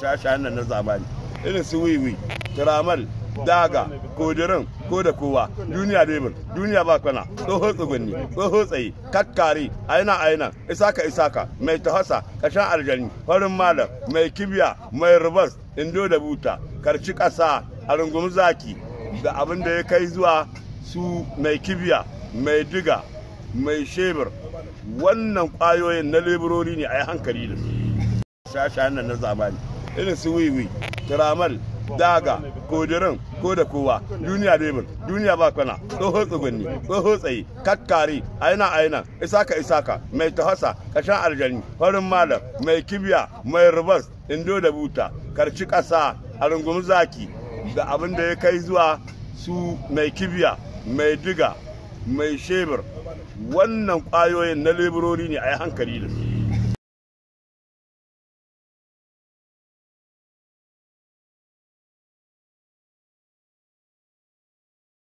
shashayen nan na zamani irin su wiwi tiramal daga kodirin ko da kowa duniya bebul duniya ba kwana tsoho tsugunni tsoho tsaye kakkari aina aina isaka isaka mai tahasa kashan aljani farin malam mai kibiya mai rubas indo da buta karci kasa a rungum zaki da abin da ya kai zuwa su mai kibiya mai diga mai shebur wannan kwayoyin na leburori ne a yi hankali da su shashayen nan na zamani irin su wiwi turamal daga kodirin ko da kowa duniya bebin duniya ba kwana tsoho tsugunni tsoho tsaye kakkari aina aina isaka isaka mai tahasa kashin aljani farin malam mai kibiya mai rubas indo da buta karci kasa a rungumi zaki da abin da ya kai zuwa su mai kibiya mai diga mai shebur wannan kwayoyin na leburori ne a yi hankali da su